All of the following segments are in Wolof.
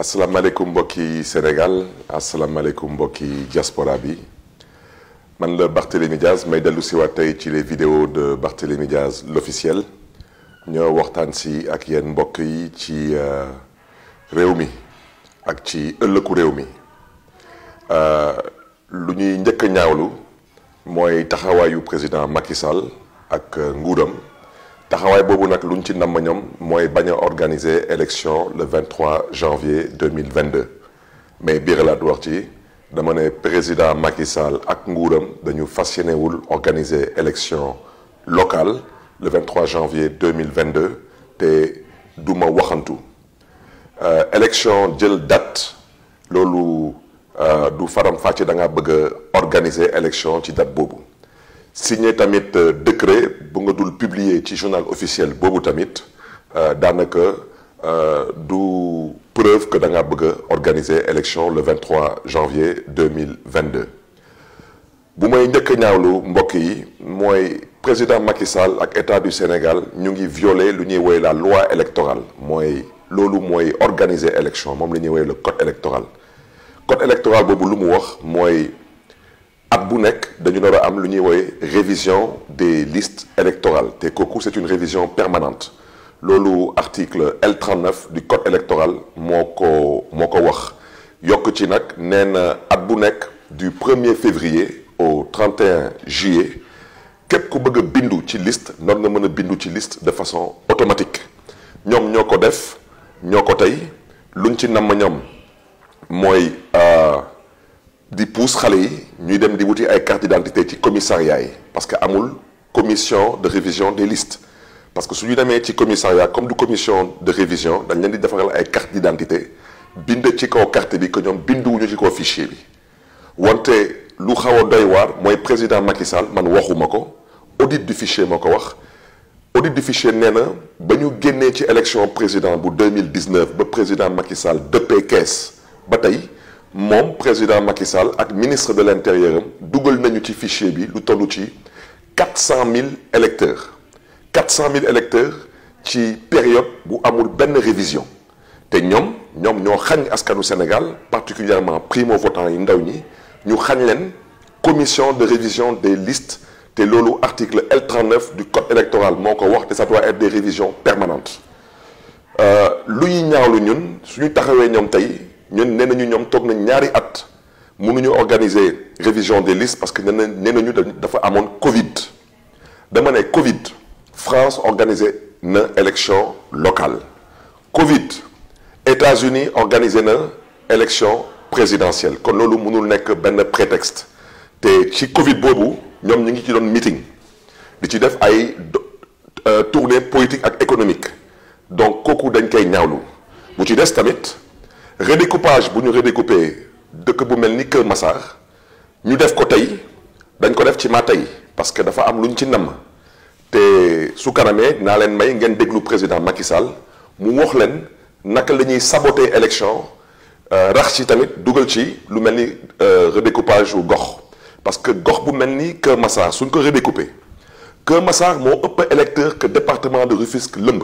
asalaamaaleykum mbokki Sénégal asalaamaaleykum mbokki diaspora bi man la Barthélémy Diaz may dellu si tey ci les vidéos de Barthélémy Diaz l'officiel ñoo waxtaan si ak yenn mbokk yi ci euh, réew mi ak ci ëllëku réew mi euh, lu ñuy njëkk a ñaawlu mooy taxawaayu président Macky Sall ak euh, nguuram taxawaay boobu nag lu ñu ci namm ñoom mooy bañ a organiser élection le 23 janvier 2022 mais biiralaat wax ci dama ne président Macky Sall ak nguuram dañu fas yéenewul organiser élection locale le 23 janvier 2022 te du ma waxantu euh, élection jël dat loolu euh, du faram fàcce da nga bëgg a organiser élection ci date boobu signe tamit euh, décret bu nga dul publier ci journal officiel boobu tamit euh, daanaka euh, du preuve que da bëgg a organiser élection le 23 janvier 2022 bu may njëkk a ñaawlu mbokk yi mooy président Macky Sall ak état du Sénégal ñu ngi violer lu ñuy woy la loi électorale mooy loolu mooy organiser élection moom la ñuy woy le code électoral code électoral boobu lu mu wax mooy at bu nekk dañu nar a am lu ñuy wooye révision de listes électorales te kooku c'est une révision permanente loolu article L39 du code électoral moo ko moo ko wax yokk ci nag nee na at bu nekk du premier er février au juillet képp ku bëgg a bindu ci liste noon nga mën a bindu ci liste de façon automatique ñoom ñoo ko def ñoo ko tey luñ ci namm ñoom mooy euh, di pousse xale yi ñuy dem di wuti ay carte d'identité ci commissariat yi parce que amul commission de révision des listes parce que su ñu demee ci commissariat comme du commission de révision dañ leen di defaral ay carte d'identité bind ci kaw carte bi que ñoom binduwuñu ci kaw fichier bi wante lu xaw a doy waar mooy président Macky Sall man waxuma ko audit du fichier moo ko wax audit du fichier nee na ba ñu génnee ci élection président bu 2019 ba président Macky Sall dëppee kees ba tey moom président Macky Sall ak ministre de l'intérieur am dugal nañu ci fichier bi lu toll ci quatre cent mille électeurs quatre cent mille électeurs ci période bu amul benn révision te ñoom ñoom ñoo xañ askanu Sénégal particulièrement primo votants yi ndaw ñi ñu xañ leen commission de révision des listes te loolu article L39 du code électoral moo ko wax te ça doit être des révisions permanentes euh, lu ñuy ñaawlu ñun suñu taxawee ñoom tey ñun nee nañu ñoom toog nañ ñaari at mënuñu organiser révision de listes parce que nee nañ nee nañu dafa amoon Covid dama ne Covid France organisé na élection locale Covid États-Unis organisé na élection présidentielle kon loolu mënul nekk benn prétexte te ci Covid boobu ñoom ñu ngi ci doon meeting di ci def ay euh, tournée politique ak économique donc kooku dañ koy ñaawlu bu ci des tamit. redécoupage bu ñu redécouper dëkk bu mel ni Kër Massar ñu def ko tey dañ ko def ci maa tey parce que dafa am lu ñu ci namm te su kanamee naa leen may ngeen déglu président Macky Sall mu wax leen naka la ñuy saboter élection euh, rax ci tamit dugal ci lu mel ni euh, redécoupage wu gox parce que gox bu mel ni Kër Massar suñ ko redécouper Kër Massar moo ëpp électeur que département de Rufisque lëmb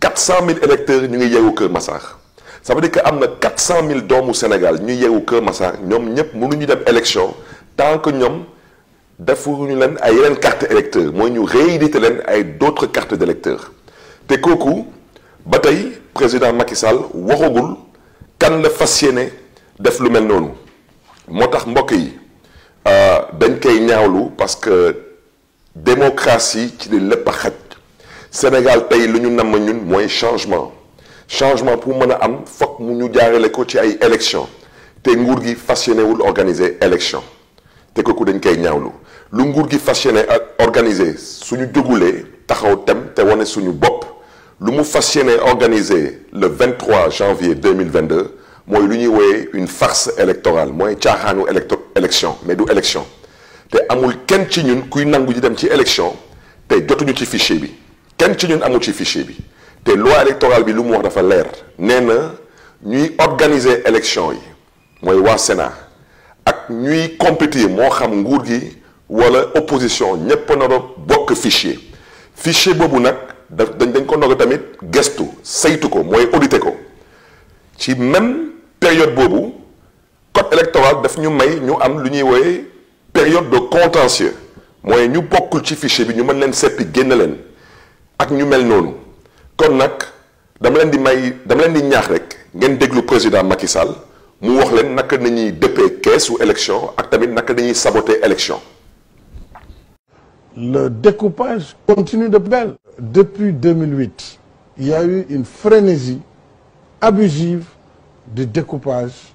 400 000 électeurs ñu ngi yeewu Kër Massar. ça veut dire am na 400 000 doomu Sénégal ñu yeewu Kër Massar ñoom ñëpp mënuñu dem élection tant que ñoom defuñu leen ay yeneen carte électeur mooy ñu réédité leen ay d' autres cartes d' te kooku ba tey président Macky Sall waxagul kan la fas yéene def lu mel noonu moo tax mbokk yi euh, dañ koy ñaawlu parce que démocratie ci li lépp a xaj Sénégal tey lu ñu namm ñun mooy changement changement pour mën a am foog mu ñu jaarale ko ci ay élection te nguur gi fas yéene wul organiser élection te dañ koy ñaawlu lu nguur gi fas yéene organiser suñu jógulee taxaw tem te wane suñu bopp lu mu fas yéene organiser le 23 janvier 2022 mooy lu ñuy wooyee une farce électorale mooy caaxaanu électo élection mais du élection te amul kenn ci ñun kuy nangu di dem ci élection te jotuñu ci fichier bi kenn ci ñun amul ci fichier bi te loi électorale bi lu mu wax dafa leer nee na ñuy organiser élection yi mooy waa Sénat ak ñuy compétir moo xam nguur gi wala opposition ñépp a bokk fichier fichier boobu nag da dañ dañ ko ndogo tamit gestu saytu ko mooy auditer ko ci même période boobu code électoral daf ñu may ñu am lu ñuy wooye période de contentieux mooy ñu bokkul ci fichier bi ñu mën leen seppi génn leen ak ñu mel noonu kon nag dama leen di may dama leen di ñaax rek ngeen déglu président Macky Sall mu wax leen naka nañuy dëppee keesu élection ak tamit naka nañuy saboter élection. Le découpage continue de belle. Depuis 2008, il y a eu une frénésie abusive du découpage,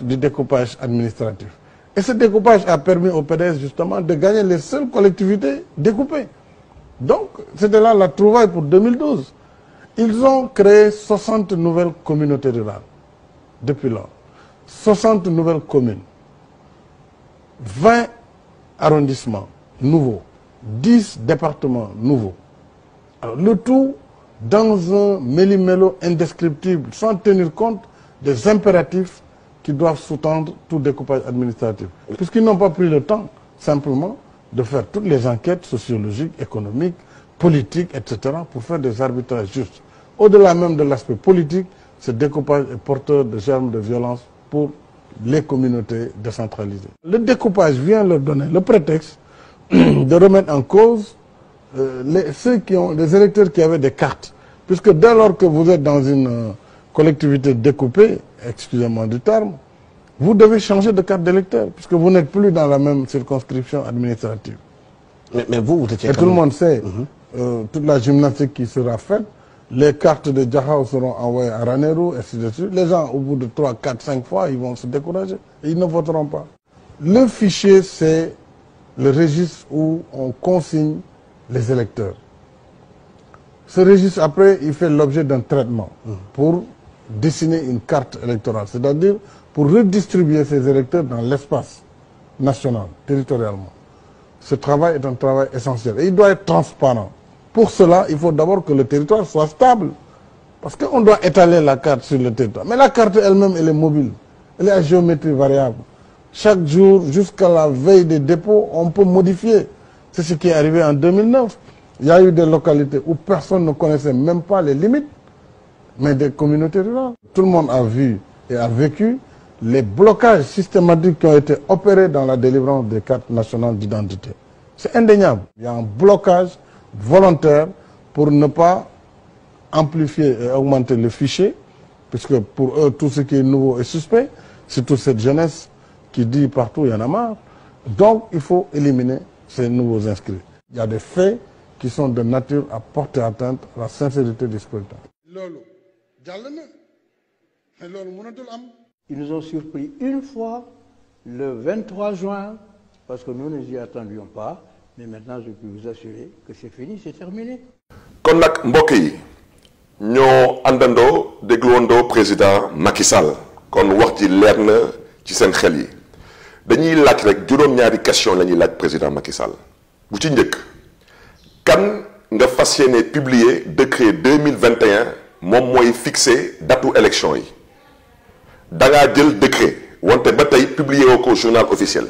du découpage administratif. Et ce découpage a permis au PDS justement de gagner les seules collectivités découpées. donc c'était là la trouvaille pour 2012 ils ont créé 60 nouvelles communautés rurales depuis lors 60 nouvelles communes 20 arrondissements nouveaux 10 départements nouveaux alors le tout dans un méli-mélo indescriptible sans tenir compte des impératifs qui doivent sous-tendre tout découpage administratif puisqu'ils n'ont pas pris le temps simplement de faire toutes les enquêtes sociologiques, économiques, politiques, etc., pour faire des arbitrages justes. Au-delà même de l'aspect politique, ce découpage est porteur de germes de violence pour les communautés décentralisées. Le découpage vient leur donner le prétexte de remettre en cause euh, les, ceux qui ont, les électeurs qui avaient des cartes. Puisque dès lors que vous êtes dans une euh, collectivité découpée, excusez du terme, vous devez changer de carte d'électeur puisque vous n'êtes plus dans la même circonscription administrative. Mais, mais vous, vous étiez Et tout le monde sait, mm -hmm. euh, toute la gymnastique qui sera faite, les cartes de Djahao seront envoyées à Ranerou, et ainsi de suite. Les gens, au bout de 3, 4, 5 fois, ils vont se décourager. Ils ne voteront pas. Le fichier, c'est le registre où on consigne les électeurs. Ce registre, après, il fait l'objet d'un traitement mhm. pour dessiner une carte électorale. C'est-à-dire, pour redistribuer ces électeurs dans l'espace national, territorialement. Ce travail est un travail essentiel et il doit être transparent. Pour cela, il faut d'abord que le territoire soit stable. Parce qu'on doit étaler la carte sur le territoire. Mais la carte elle-même, elle est mobile. Elle géométrie variable. Chaque jour, jusqu'à la veille des dépôts, on peut modifier. C'est ce qui est arrivé en Il y a eu des localités où personne ne connaissait même pas les limites, mais des communautés rurales. Tout le monde les blocages systématiques qui ont été opérés dans la délivrance des cartes nationales d'identité. C'est indéniable. Il y a un blocage volontaire pour ne pas amplifier et augmenter le fichier, puisque pour eux, tout ce qui est nouveau est suspect, surtout cette jeunesse qui dit partout, il y en a Donc, il faut éliminer ces nouveaux inscrits. Il y a des faits qui sont de nature à porter atteinte à la sincérité du scrutin. Ils nous ont surpris une fois, le 23 juin, parce que nous ne nous y attendions pas, mais maintenant je peux vous assurer que c'est fini, c'est terminé. kon nag mbokk yi ñoo àndandoo dégluwandoo président Macky Sall kon wax ji leer na ci seen xel yi dañuy laaj rek juróom-ñaari question la ñuy laaj président Macky Sall bu ci njëkk kan nga fas yéene publier décret 2021 moom mooy fixé datu élection yi da ngaa jël décret wante ba tey publier woo ko journal officiel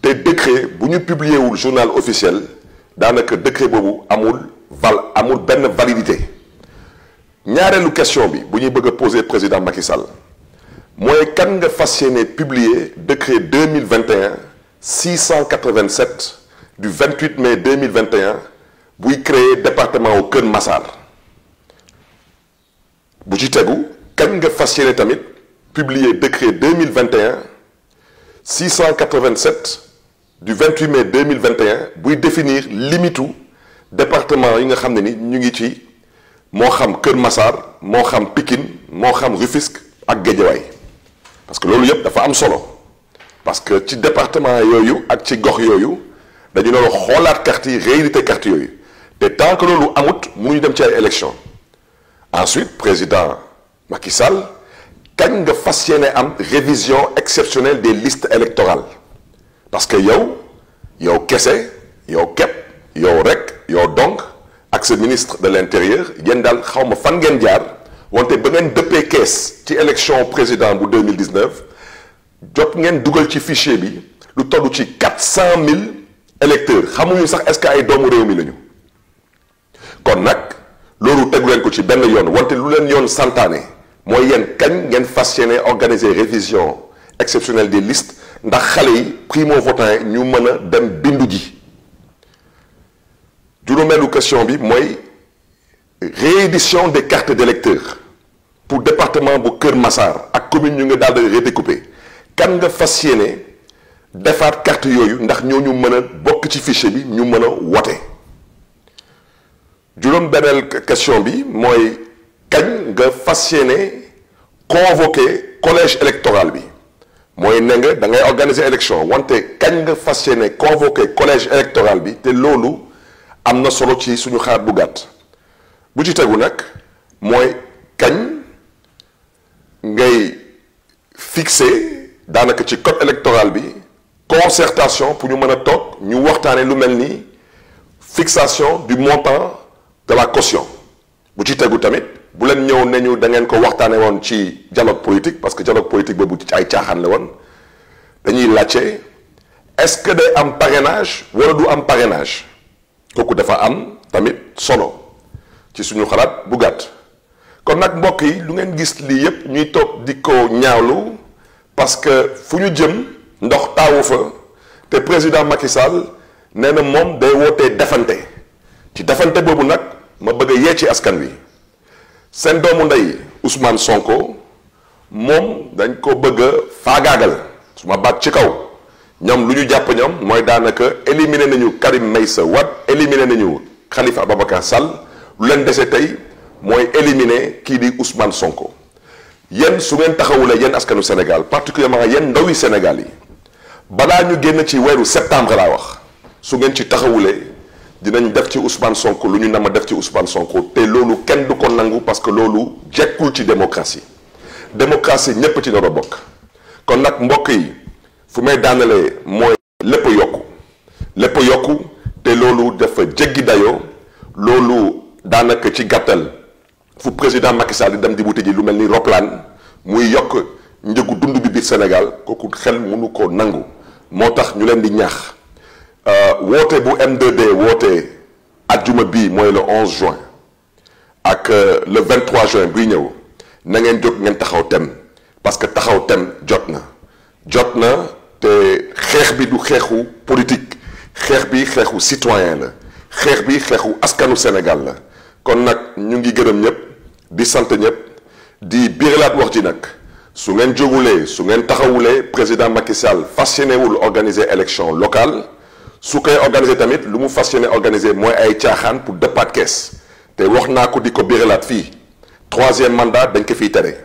te décret bu ñu publier wul journal officiel daanaka décret boobu amul val amul benn validité ñaareelu question bi bu ñuy bëgg a poser président Macky Sall mooy kan nga fas yéene publier décret 2021 687 du 28 mai 2021 buy créer département wu Kër Massar bu ci tegu kañ nga fas tamit. publié décret 2021 687 du 28 mai 2021 buy définir limitu département yi nga xam ne ni ñu ngi ci moo xam Kër Massar moo xam Pikine moo xam Rufisque ak Guédiawaye parce que loolu yëpp dafa am solo parce que ci département yooyu ak ci gox yooyu dañu doon xoolaat carte yi réédité yooyu te tant que loolu amut mënuñu dem ci ay élection ensuite président Macky Sall kañ nga fas yéene am révision exceptionnelle des listes électorales parce que yow yow kese yow képp yow rek yow donc ak sa ministre de l'intérieur yéen daal xaw ma fan ngeen jaar wante ba ngeen dëppee kees ci élection président bu 2019 jot ngeen dugal ci fichier bi lu toll ci 400 000 électeurs xamuñu sax est-ce que ay doomu réew mi lañu kon nag loolu tegu leen ko ci benn yoon wante lu leen yoon santaane. mooy yéen kañ ngeen fas yéene organiser révision exceptionnelle des listes ndax xale yi primo votant ñu mën a dem bindu ji juróomeelu question bi mooy réédition des cartes d'électeurs pour département bu Kër Massar ak commune ñu ngi daal di redécouper kan nga fas yéene defaat carte yooyu ndax ñooñu mën a bokk ci fichier bi ñu mën a wote juróom-benneel question bi mooy. kañ nga fas yéene collège électoral bi mooy ne nga da ngay organiser élection wante kañ nga fas yéene convoqué collège électoral bi te loolu am na solo ci suñu xaat bu gàtt bu ci tegu nag mooy kañ ngay fixé daanaka ci code électoral bi concertation pour ñu mën a toog ñu waxtaanee lu mel ni fixation du montant de la caution bu ci tegu tamit. bu leen ñëw ne ñu da ngeen ko waxtaane woon ci dialogue politique parce que dialogue politique boobu ci ay caaxaan la woon dañuy laajte est-ce que day am parrainage wala du am parrainage kooku dafa am tamit solo ci suñu xalaat bu gàtt kon nag mbokk yi lu ngeen gis lii yépp ñuy toog di ko ñaawlu parce que fu ñu jëm ndox taawu fa te président Macky Sall nee na moom day wootee defante ci defante boobu nag ma bëgg yee ci askan wi seen doomu ndey Ousmane Sonko moom dañ ko bëgg a faagaagal su ma baat ci kaw ñoom lu ñu jàpp ñoom mooy daanaka éliminé nañu Karim Meïssa wat éliminé nañu Khalifa Ababacar Sall lu leen dese tey mooy éliminé kii di Ousmane Sonko yéen su ngeen taxawulee yéen askanu Sénégal particulièrement yéen ndawi Sénégal yi balaa ñu génn ci weeru septembre laa wax su ngeen ci taxawulee. dinañ def ci Ousmane sonk lu ñu nama def ci Ousmane Sonko te loolu kenn du ko nangu parce que loolu jekkul ci démocratie démocratie ñépp ci nar bokk kon nag mbokk yi fu may daanalee mooy lépp yokku lépp yokku te loolu dafa jéggi dayoo loolu daanaka ci gàttal fu président Macky Sall di dem di wuti ji lu mel ni roplaan muy yokk njëgu dund bi biir Sénégal kooku xel mënu ko nangu moo tax ñu leen di ñaax Euh, woote bu M2D woote ajjuma bii mooy le 11 juin ak euh, le 23 juin buy ñëw na ngeen jóg ngeen taxaw tem parce que taxaw tem jot na jot na te xeex bi du xeexu politique xeex bi xeexu citoyen la xeex bi xeexu askanu Sénégal la kon nag ñu ngi gërëm ñëpp di sant ñëpp di biralaat wax ji nag su ngeen jógulee su ngeen taxawulee président Macky Sall fas yéenewul organiser élection locale su koy organiser tamit lu mu fas yéene organiser mooy ay caaxaan pour dëppaat kees te wax naa ko di ko biralaat fii troisième mandat dañ ko fiy tere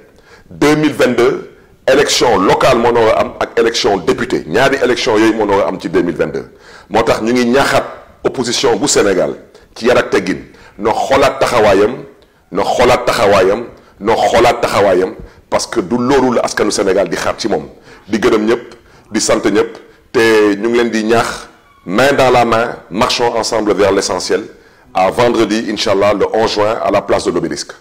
deux mille vingt deux élection locale moo noo am ak élection député ñaari élection yooyu moo noo am ci deux mille moo tax ñu ngi ñaaxaat opposition bu Sénégal ci yar ak teggin no xoolaat taxawaayam no xoolaat taxawaayam no xoolaat taxawaayam parce que du loolu la askanu Sénégal di xaar ci moom di gërëm ñëpp di sant ñëpp te ñu ngi leen di ñaax. main dans la main, marchons ensemble vers l'essentiel. À vendredi, Inch'Allah, le 11 juin, à la place de l'obélisque.